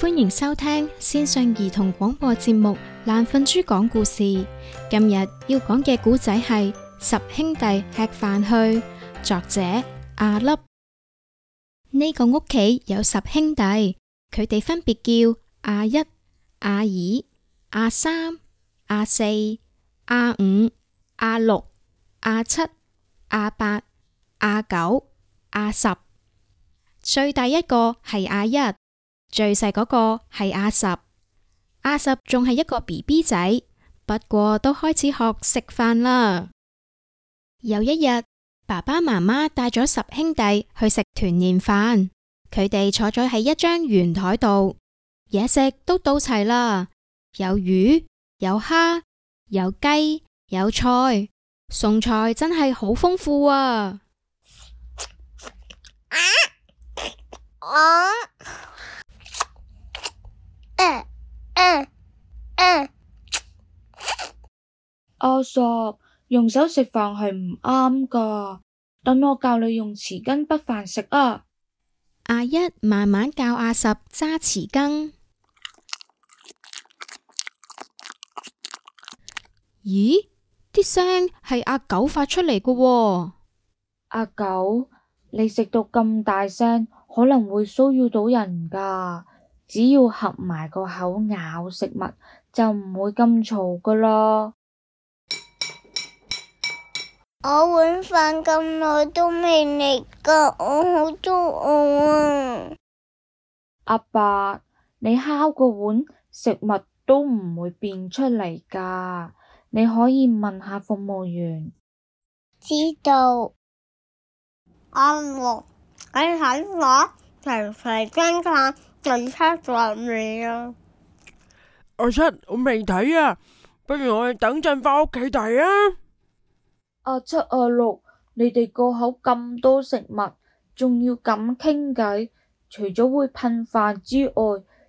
歡迎收聽線上兒童廣播節目《懶瞓豬講故事》。今日要講嘅古仔係《十兄弟吃飯去》，作者阿粒。呢個屋企有十兄弟，佢哋分別叫阿一、阿二、阿三、阿四、阿五、阿六、阿七、阿八、阿九、阿十。最大一個係阿一。.最細嗰個係阿十，阿十仲係一個 B B 仔，不過都開始學食飯啦。有一日，爸爸媽媽帶咗十兄弟去食團年飯，佢哋坐咗喺一張圓台度，嘢食都到齊啦，有魚，有蝦，有雞，有菜，餸真係好豐富啊，啊！啊，阿叔、oh, 用手食飯係唔啱噶，等我教你用匙羹滗飯食啊。阿、啊、一慢慢教阿十揸匙羹。咦，啲聲係阿九發出嚟噶，哦？阿九、啊，你食到咁大聲，可能會騷擾到人噶。只要合埋個口咬食物，就唔會咁嘈噶啦。我碗飯咁耐都未嚟噶，我好肚餓啊！阿伯，你敲個碗，食物都唔會變出嚟噶。你可以問下服務員。知道。阿樂，你睇咗《神奇偵探第七集》未啊？阿七，我未睇啊，不如我哋等陣返屋企睇啊。阿七、阿六，你哋個口咁多食物，仲要咁傾偈，除咗會噴飯之外，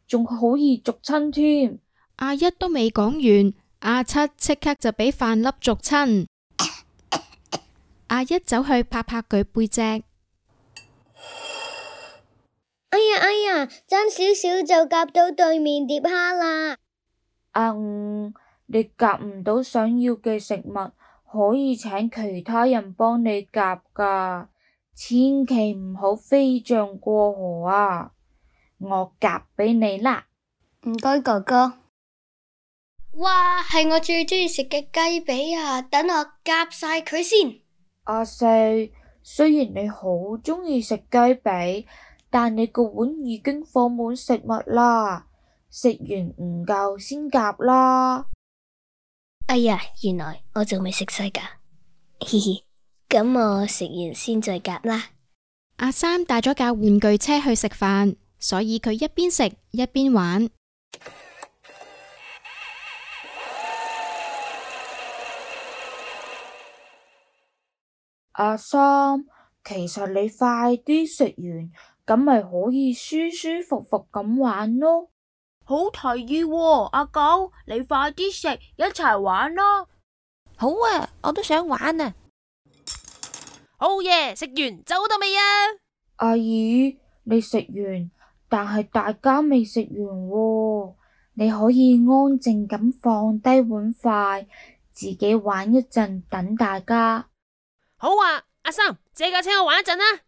仲好易逐親添。阿一都未講完，阿七即刻就俾飯粒逐親。阿一走去拍拍佢背脊。哎呀哎呀，爭少少就夾到對面碟蝦啦。阿五，你夾唔到想要嘅食物，可以請其他人幫你夾噶，千祈唔好飛象過河啊！我夾俾你啦，唔該哥哥。哇，係我最鍾意食嘅雞髀啊！等我夾晒佢先。阿四，雖然你好鍾意食雞髀，但你個碗已經放滿食物啦，食完唔夠先夾啦。哎呀，原來我仲未食晒㗎，嘻嘻，咁我食完先再夾啦。阿三帶咗架玩具車去食飯，所以佢一邊食一邊玩。阿三，其實你快啲食完，咁咪可以舒舒服服咁玩咯。好提議，啊，阿九，你快啲食，一齊玩啦！好啊，我都想玩啊！好嘢，oh yeah，食完走到未啊？阿姨，你食完，但係大家未食完，啊，你可以安靜咁放低碗筷，自己玩一陣，等大家。好啊，阿三，借架車我玩一陣啊！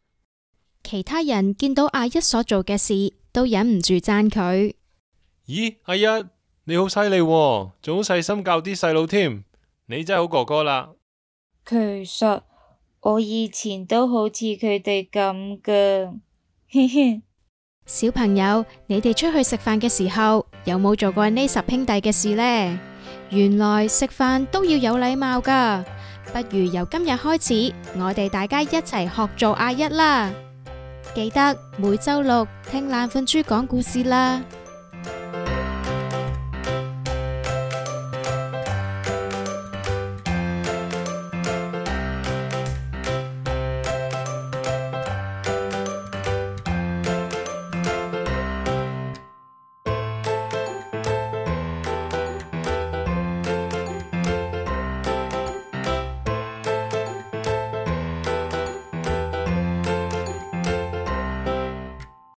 其他人見到阿一所做嘅事，都忍唔住讚佢。咦，阿一，你好犀利喎，仲好細心教啲細路添，你真係好哥哥啦。其實我以前都好似佢哋咁噶。嘻嘻，小朋友，你哋出去食飯嘅時候有冇做過呢十兄弟嘅事呢？原來食飯都要有禮貌噶，不如由今日開始，我哋大家一齊學做阿一啦。記得每周六聽懶瞓豬講故事啦。